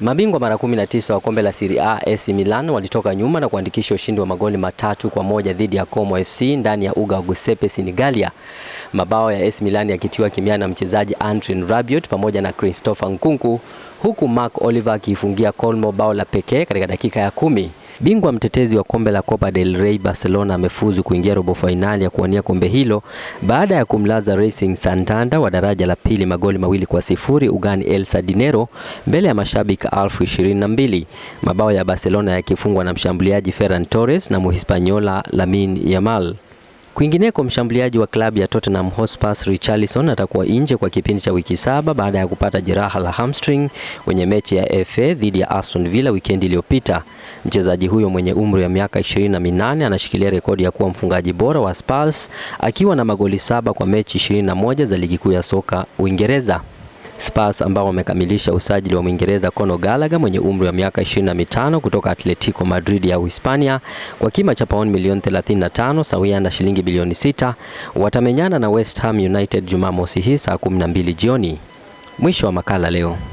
Mabingwa mara 19 wa kombe la Serie A AC Milan walitoka nyuma na kuandikisha ushindi wa magoli matatu kwa moja dhidi ya Como FC ndani ya uga wa Giuseppe Sinigalia. Mabao ya AC Milan yakitiwa kimya na mchezaji Andrin Rabiot pamoja na Christopher Nkunku, huku Mark Oliver akiifungia Como bao la pekee katika dakika ya kumi. Bingwa mtetezi wa kombe la Copa del Rey Barcelona amefuzu kuingia robo fainali ya kuwania kombe hilo baada ya kumlaza Racing Santander wa daraja la pili magoli mawili kwa sifuri ugani El Sadinero mbele ya mashabiki elfu ishirini na mbili. Mabao ya Barcelona yakifungwa na mshambuliaji Ferran Torres na muhispanyola Lamine Yamal. Kwingineko, mshambuliaji wa klabu ya Tottenham Hotspur Richarlison atakuwa nje kwa kipindi cha wiki saba baada ya kupata jeraha la hamstring kwenye mechi ya FA dhidi ya Aston Villa wikendi iliyopita. Mchezaji huyo mwenye umri wa miaka 28 anashikilia rekodi ya kuwa mfungaji bora wa Spurs akiwa na magoli saba kwa mechi 21 za ligi kuu ya soka Uingereza. Spurs ambao wamekamilisha usajili wa Mwingereza Conor Gallagher mwenye umri wa miaka 25 kutoka Atletico Madrid ya Uhispania kwa kima cha pauni milioni 35 sawia na shilingi bilioni 6. Watamenyana na West Ham United Jumamosi hii saa 12 jioni. Mwisho wa makala leo.